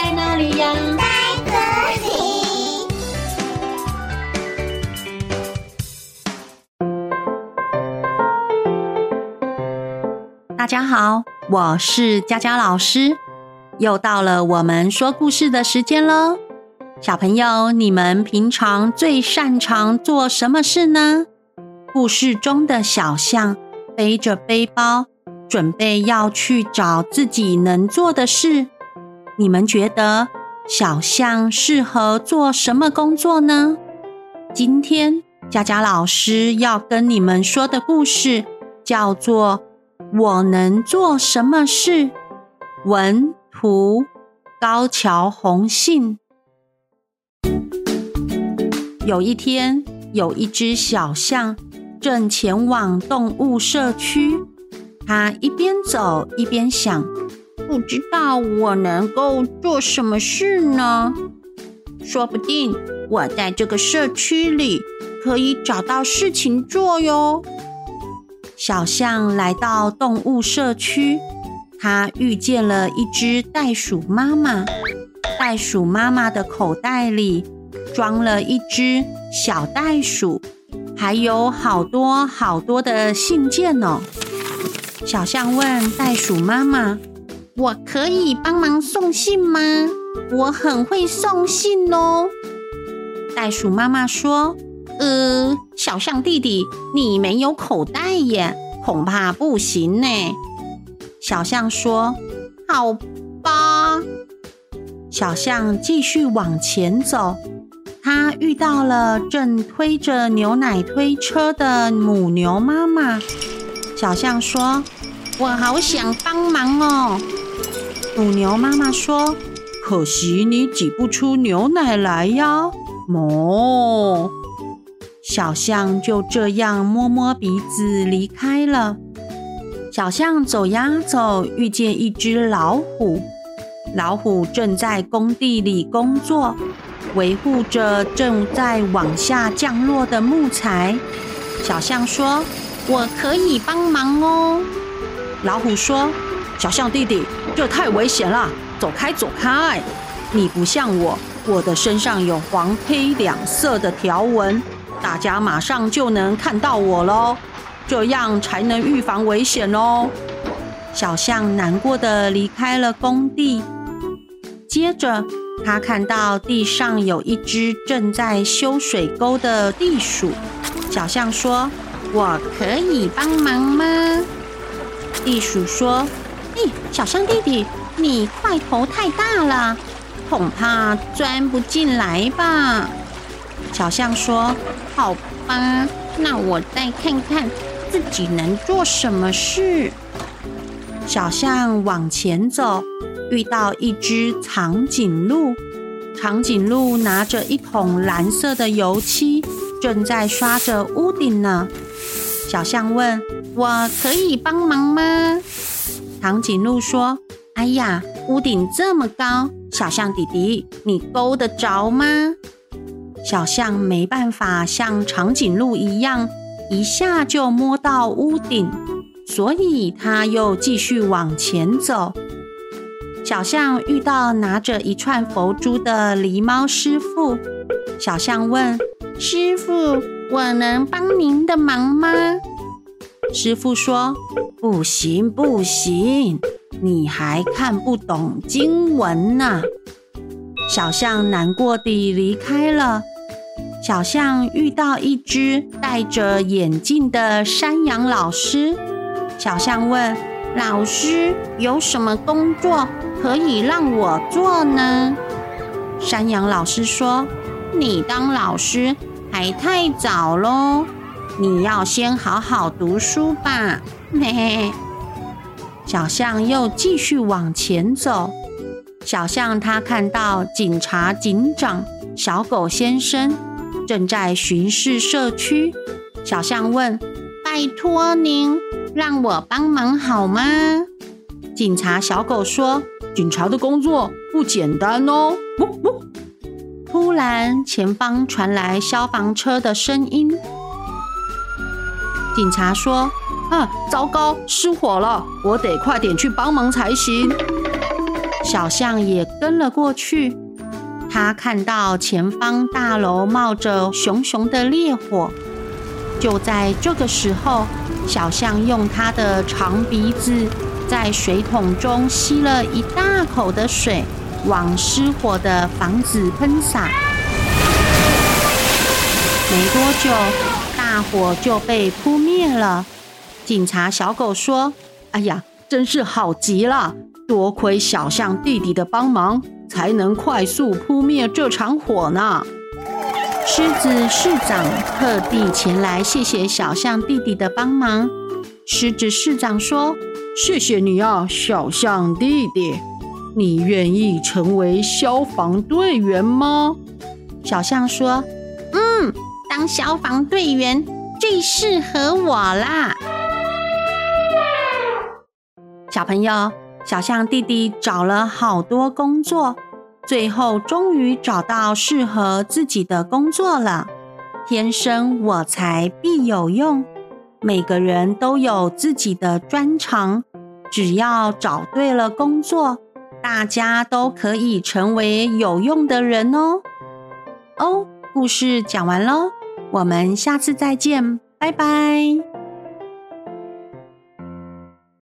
在哪裡呀？在這裡。大家好，我是佳佳老師，又到了我們說故事的時間嘍。小朋友，你們平常最擅長做什麼事呢？故事中的小象背着背包，準備要去找自己能做的事。你們覺得小象適合做什麼工作呢？今天佳佳老師要跟你們說的故事叫做《我能做什麼事》文。文圖高橋宏幸。有一天，有一隻小象正前往動物社區，它一邊走一邊想。不知道我能夠做什麼事呢？說不定我在這個社區裡可以找到事情做喲。小象來到動物社區，它遇見了一隻袋鼠媽媽。袋鼠媽媽的口袋裡裝了一只小袋鼠，還有好多好多的信件呢、哦。小象問袋鼠媽媽。我可以幫忙送信嗎？我很會送信哦。袋鼠媽媽說：“呃，小象弟弟，你沒有口袋耶，恐怕不行呢。”小象說：“好吧。”小象繼續往前走，他遇到了正推着牛奶推車的母牛媽媽。小象說：“我好想幫忙哦。”母牛媽媽說：“可惜你擠不出牛奶來呀。”哦，小象就這樣摸摸鼻子離開了。小象走呀走，遇見一隻老虎。老虎正在工地裡工作，維護着正在往下降落的木材。小象說：“我可以幫忙哦。”老虎說。小象弟弟，這太危險了，走開走開！你不像我，我的身上有黃黑兩色的條紋，大家馬上就能看到我嘍，這樣才能預防危險哦。小象難過地離開了工地。接着，他看到地上有一隻正在修水溝的地鼠，小象說：“我可以幫忙嗎？”地鼠說。小象弟弟，你塊頭太大了，恐怕鑽不進來吧。小象說：“好吧，那我再看看自己能做什麼事。”小象往前走，遇到一隻長頸鹿。長頸鹿拿着一桶藍色的油漆，正在刷着屋頂呢。小象問：“我可以幫忙嗎？”長頸鹿說：“哎呀，屋頂這麼高，小象弟弟，你夠得着嗎？”小象沒辦法像長頸鹿一樣一下就摸到屋頂，所以他又繼續往前走。小象遇到拿着一串佛珠的狸貓師傅，小象問：“師傅，我能幫您的忙嗎？”師傅說：不行不行，你還看不懂經文呢啊。小象難過地離開了。小象遇到一隻戴着眼鏡的山羊老師。小象問：“老師，有什麼工作可以讓我做呢？”山羊老師說：“你當老師還太早嘍。”你要先好好讀書吧。嘿，小象又繼續往前走。小象他看到警察警長、小狗先生正在巡視社區。小象問：“拜託您讓我幫忙好嗎？”警察小狗說：“警察的工作不簡單哦。”突然，前方傳來消防車的聲音。警察說：“啊，糟糕，失火了！我得快點去幫忙才行。”小象也跟了過去。他看到前方大樓冒着熊熊的烈火。就在這個時候，小象用它的長鼻子在水桶中吸了一大口的水，往失火的房子噴灑。沒多久，大火就被撲滅了。警察小狗說：“哎呀，真是好極了！多虧小象弟弟的幫忙，才能快速撲滅這場火呢。”獅子市長特地前來謝謝小象弟弟的幫忙。獅子市長說：“謝謝你啊，小象弟弟！你願意成為消防隊員嗎？”小象說：“嗯。”當消防隊員最適合我啦！小朋友，小象弟弟找了好多工作，最後終於找到適合自己的工作了。天生我材必有用，每個人都有自己的專長，只要找對了工作，大家都可以成為有用的人哦。哦，故事講完嘍。我們下次再見，拜拜。